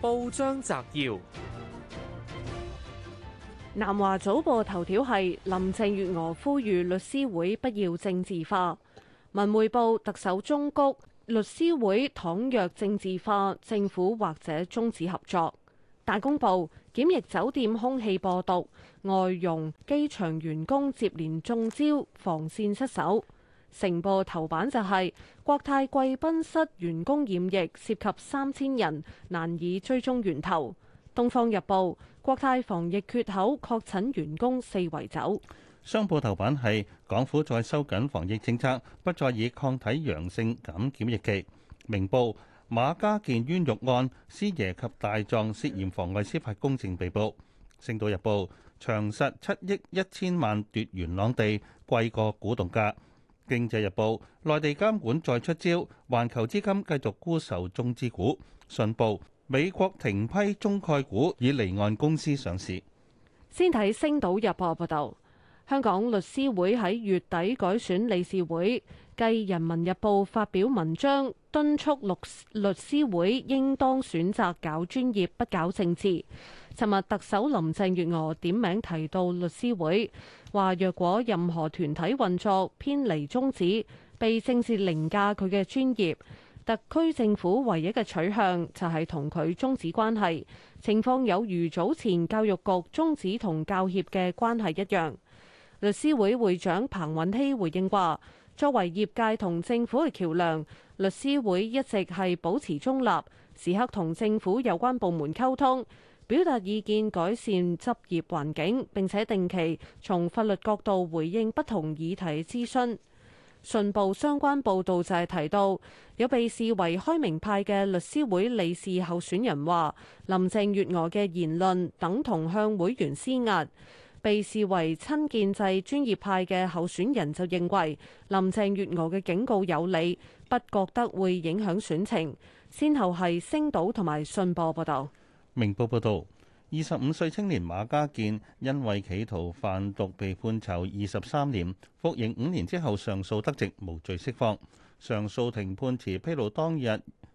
報章摘要：南華早報頭條係林鄭月娥呼籲律師會不要政治化。文匯報特首忠告律師會倘若政治化，政府或者終止合作。大公報檢疫酒店空氣播毒，外傭機場員工接連中招，防線失守。成報頭版就係、是、國泰貴賓室員工染疫，涉及三千人，難以追蹤源頭。《東方日報》國泰防疫缺口，確診員工四圍走。商報頭版係港府再收緊防疫政策，不再以抗體陽性減檢疫期。明報馬家健冤獄案，師爺及大狀涉嫌妨礙司法公正被捕。《星島日報》長實七億一千萬奪元朗地，貴過股動價。經濟日報：內地監管再出招，環球資金繼續沽售中資股。信報：美國停批中概股以離岸公司上市。先睇星島日報報道，香港律師會喺月底改選理事會，繼《人民日報》發表文章，敦促律律師會應當選擇搞專業，不搞政治。尋日特首林鄭月娥點名提到律師會，話若果任何團體運作偏離宗旨，被政治凌駕佢嘅專業，特區政府唯一嘅取向就係同佢終止關係。情況有如早前教育局終止同教協嘅關係一樣。律師會會長彭韻僖回應話，作為業界同政府嘅橋梁，律師會一直係保持中立，時刻同政府有關部門溝通，表達意見改善執業環境，並且定期從法律角度回應不同議題諮詢。信報相關報導就係提到，有被視為開明派嘅律師會理事候選人話，林鄭月娥嘅言論等同向會員施壓。被視為親建制專業派嘅候選人就認為林鄭月娥嘅警告有理，不覺得會影響選情。先後係星島同埋信報報道。明報報道，二十五歲青年馬家健因為企圖販毒被判囚二十三年，服刑五年之後上訴得直，無罪釋放。上訴庭判詞披露，當日。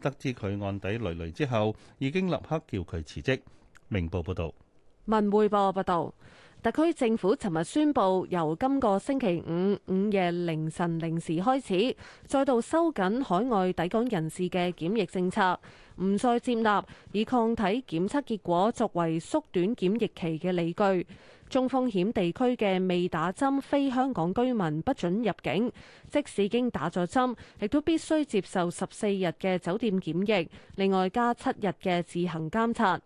得知佢案底累累之後，已經立刻叫佢辭職。明報報道，文匯報報道。特區政府尋日宣布，由今個星期五午夜凌晨零時開始，再度收緊海外抵港人士嘅檢疫政策，唔再接納以抗體檢測結果作為縮短檢疫期嘅理據。中風險地區嘅未打針非香港居民不准入境，即使已經打咗針，亦都必須接受十四日嘅酒店檢疫，另外加七日嘅自行監察。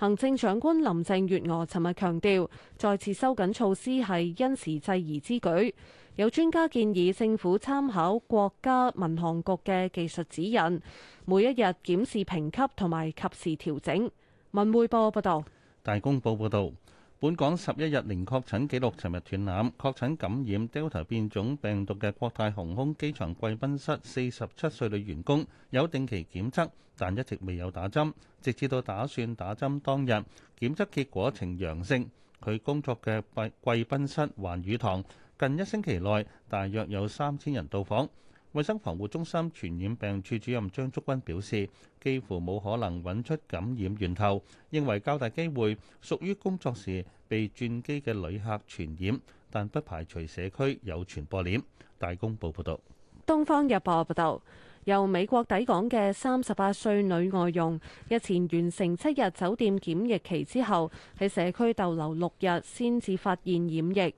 行政長官林鄭月娥尋日強調，再次收緊措施係因時制宜之舉。有專家建議，政府參考國家民航局嘅技術指引，每一日檢視評級同埋及時調整。文匯報報道，大公報報道。本港十一日零確診記錄，尋日斷纜。確診感染 Delta 變種病毒嘅國泰航空機場貴賓室四十七歲女員工，有定期檢測，但一直未有打針，直至到打算打針當日，檢測結果呈陽性。佢工作嘅貴貴賓室環宇堂，近一星期內大約有三千人到訪。衛生防護中心傳染病處主任張竹君表示，幾乎冇可能揾出感染源頭，認為較大機會屬於工作時被轉機嘅旅客傳染，但不排除社區有傳播鏈。大公報報導，東方日報報道，由美國抵港嘅三十八歲女外傭，日前完成七日酒店檢疫期之後，喺社區逗留六日先至發現染疫。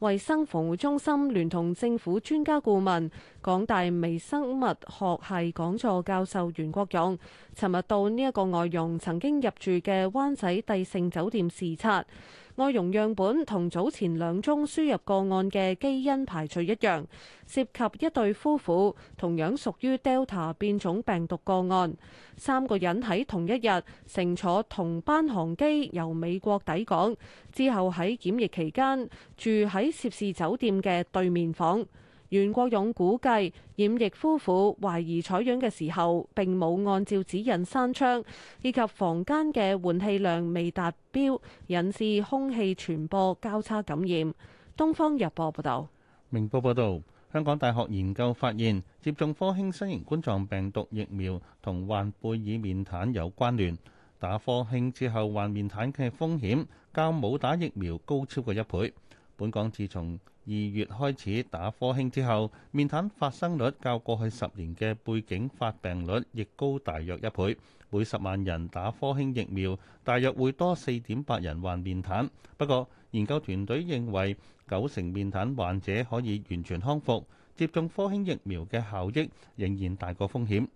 衛生防護中心聯同政府專家顧問、港大微生物學系講座教授袁國勇，尋日到呢一個外傭曾經入住嘅灣仔帝盛酒店視察。內容樣本同早前兩宗輸入個案嘅基因排序一樣，涉及一對夫婦，同樣屬於 Delta 變種病毒個案。三個人喺同一日乘坐同班航機由美國抵港，之後喺檢疫期間住喺涉事酒店嘅對面房。袁國勇估計，染疫夫婦懷疑採樣嘅時候並冇按照指引閂窗，以及房間嘅換氣量未達標，引致空氣傳播交叉感染。《東方日報》報道。《明報》報道，香港大學研究發現，接種科興新型冠狀病毒疫苗同患貝爾面癱有關聯，打科興之後患面癱嘅風險較冇打疫苗高超過一倍。本港自從二月開始打科興之後，面癱發生率較過去十年嘅背景發病率亦高大約一倍。每十萬人打科興疫苗，大約會多四點八人患面癱。不過，研究團隊認為九成面癱患者可以完全康復，接種科興疫苗嘅效益仍然大過風險。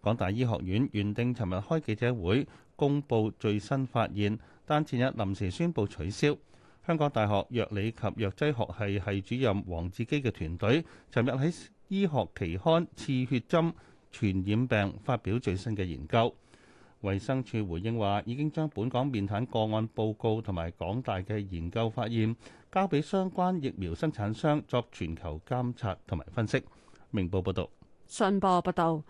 港大醫學院原定尋日開記者會公佈最新發現，但前日臨時宣布取消。香港大學藥理及藥劑學系系主任王志基嘅團隊，尋日喺醫學期刊《刺血針傳染病》發表最新嘅研究。衛生署回應話，已經將本港面癱個案報告同埋港大嘅研究發現，交俾相關疫苗生產商作全球監察同埋分析。明報報導。信報報導。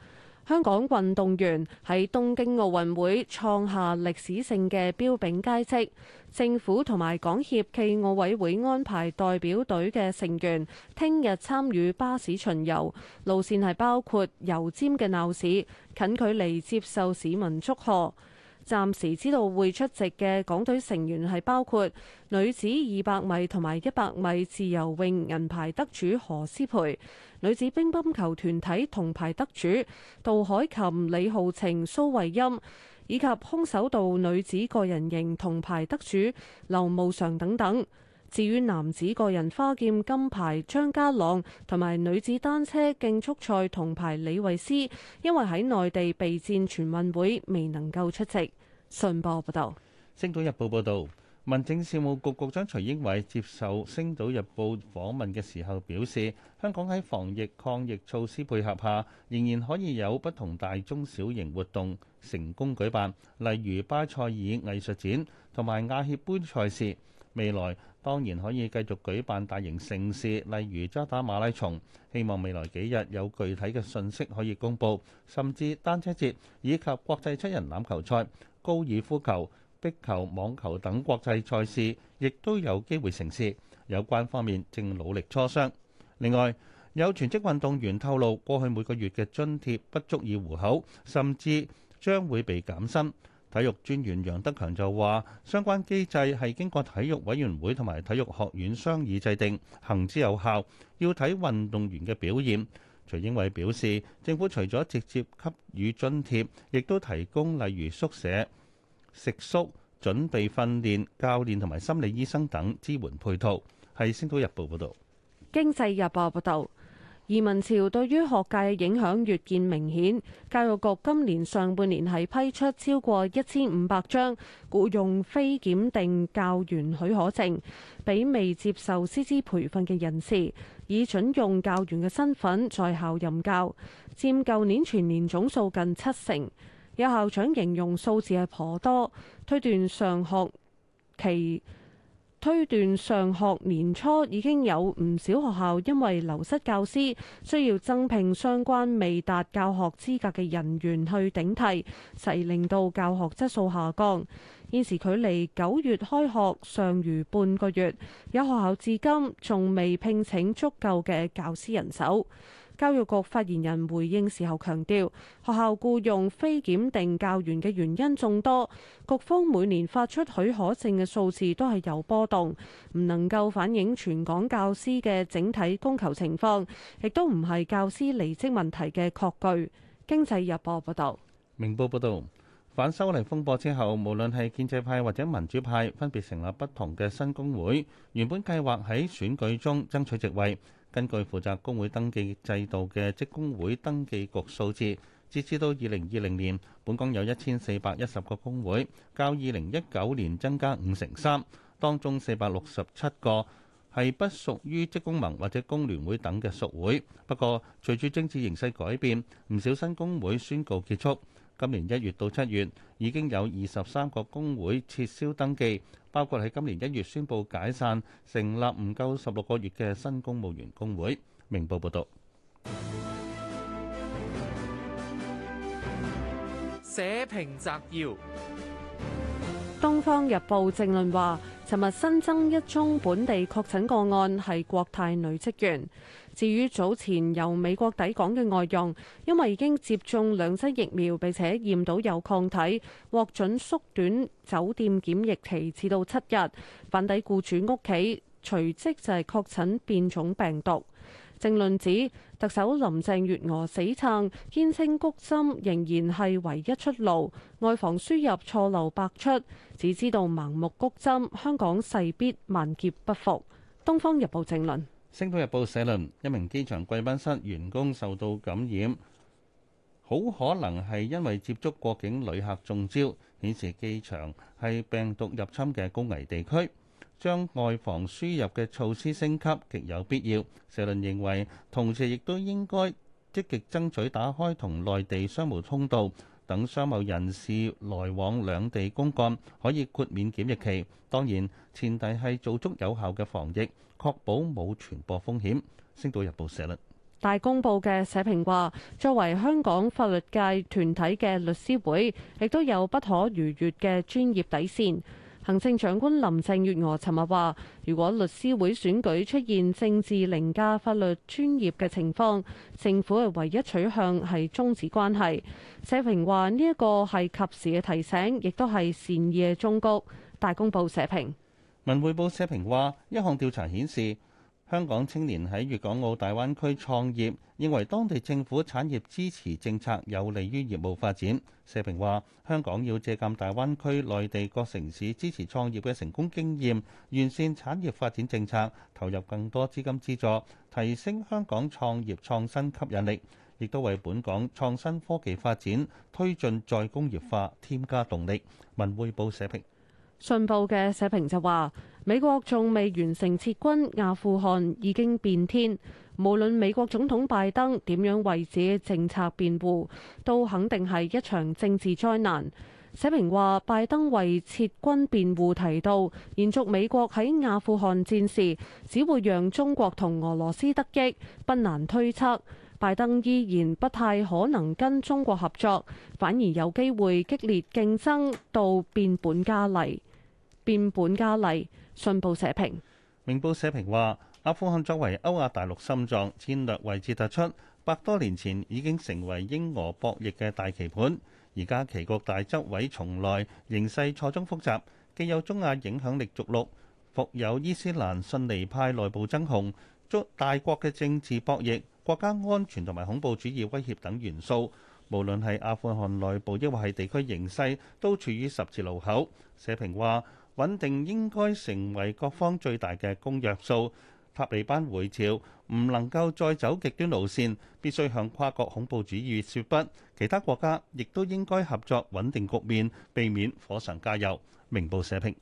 香港運動員喺東京奧運會創下歷史性嘅彪炳佳績，政府同埋港協暨奧委會安排代表隊嘅成員聽日參與巴士巡遊，路線係包括油尖嘅鬧市，近距離接受市民祝賀。暫時知道會出席嘅港隊成員係包括女子二百米同埋一百米自由泳銀牌得主何詩蓓、女子乒乓球團體銅牌得主杜凱琹、李皓晴、蘇慧音，以及空手道女子個人形銅牌得主劉慕裳等等。至於男子個人花劍金牌張家朗同埋女子單車競速賽銅牌李慧詩，因為喺內地備戰全運會，未能夠出席。信報報道。《星島日報》報道，民政事務局局長徐英偉接受《星島日報》訪問嘅時候表示，香港喺防疫抗疫措施配合下，仍然可以有不同大中小型活動成功舉辦，例如巴塞爾藝術展同埋亞協杯賽事。未來當然可以繼續舉辦大型盛事，例如渣打馬拉松。希望未來幾日有具體嘅信息可以公佈，甚至單車節以及國際七人欖球賽、高爾夫球、壁球、網球等國際賽事，亦都有機會成事。有關方面正努力磋商。另外，有全職運動員透露，過去每個月嘅津貼不足以糊口，甚至將會被減薪。體育專員楊德強就話：相關機制係經過體育委員會同埋體育學院商議制定，行之有效。要睇運動員嘅表現。徐英偉表示，政府除咗直接給予津貼，亦都提供例如宿舍、食宿、準備訓練、教練同埋心理醫生等支援配套。係《星島日報》報道。《經濟日報》報道。移民潮對於學界嘅影響越見明顯，教育局今年上半年係批出超過一千五百張僱用非檢定教員許可證，俾未接受師資培訓嘅人士，以準用教員嘅身份在校任教，佔舊年全年總數近七成。有校長形容數字係頗多，推斷上學期。推斷上學年初已經有唔少學校因為流失教師，需要增聘相關未達教學資格嘅人員去頂替，勢令到教學質素下降。現時距離九月開學尚餘半個月，有學校至今仲未聘請足夠嘅教師人手。教育局發言人回應時候強調，學校僱用非檢定教員嘅原因眾多，局方每年發出許可證嘅數字都係有波動，唔能夠反映全港教師嘅整體供求情況，亦都唔係教師離職問題嘅確據。經濟日報報道，明報報道，反修例風波之後，無論係建制派或者民主派，分別成立不同嘅新工會，原本計劃喺選舉中爭取席位。根據負責工會登記制度嘅職工會登記局數字，截至到二零二零年，本港有一千四百一十個工會，較二零一九年增加五成三。當中四百六十七個係不屬於職工盟或者工聯會等嘅屬會。不過，隨住政治形勢改變，唔少新工會宣告結束。今年一月到七月，已經有二十三個工會撤銷登記，包括喺今年一月宣佈解散、成立唔夠十六個月嘅新公務員工會。明報報道。社評摘要，《東方日報》正論話。尋日新增一宗本地確診個案係國泰女職員。至於早前由美國抵港嘅外傭，因為已經接種兩劑疫苗並且驗到有抗體，獲准縮短酒店檢疫期至到七日。返抵僱主屋企，隨即就係確診變種病毒。政論指特首林鄭月娥死撐，堅稱谷針仍然係唯一出路，外防輸入錯漏百出，只知道盲目谷針，香港勢必萬劫不復。《東方日報》政論，《星島日報》社論：一名機場貴賓室員工受到感染，好可能係因為接觸過境旅客中招，顯示機場係病毒入侵嘅高危地區。將外防輸入嘅措施升級極有必要，社論認為同時亦都應該積極爭取打開同內地商務通道等商務人士來往兩地公幹可以豁免檢疫期，當然前提係做足有效嘅防疫，確保冇傳播風險。星島日報社論。大公報嘅社評話：作為香港法律界團體嘅律師會，亦都有不可逾越嘅專業底線。行政長官林鄭月娥尋日話：如果律師會選舉出現政治凌駕法律專業嘅情況，政府嘅唯一取向係終止關係。社評話：呢一個係及時嘅提醒，亦都係善意嘅忠告。大公報社評，文匯報社評話：一項調查顯示。香港青年喺粵港澳大灣區創業，認為當地政府產業支持政策有利於業務發展。社評話：香港要借鑒大灣區內地各城市支持創業嘅成功經驗，完善產業發展政策，投入更多資金資助，提升香港創業創新吸引力，亦都為本港創新科技發展、推進再工業化添加動力。文匯報社評，信報嘅社評就話。美國仲未完成撤軍，阿富汗已經變天。無論美國總統拜登點樣為自己政策辯護，都肯定係一場政治災難。寫明話拜登為撤軍辯護，提到延續美國喺阿富汗戰事，只會讓中國同俄羅斯得益。不難推測，拜登依然不太可能跟中國合作，反而有機會激烈競爭到變本加厲。變本加厲。信報社評，明報社評話：阿富汗作為歐亞大陸心臟，戰略位置突出，百多年前已經成為英俄博弈嘅大棋盤。而家棋局大執位，從來形勢錯綜複雜，既有中亞影響力逐鹿，復有伊斯蘭遜尼派內部爭雄，捉大國嘅政治博弈、國家安全同埋恐怖主義威脅等元素。無論係阿富汗內部，抑或係地區形勢，都處於十字路口。社評話。穩定應該成為各方最大嘅公約數。塔利班回朝唔能夠再走極端路線，必須向跨國恐怖主義說不。其他國家亦都應該合作穩定局面，避免火上加油。明報社評。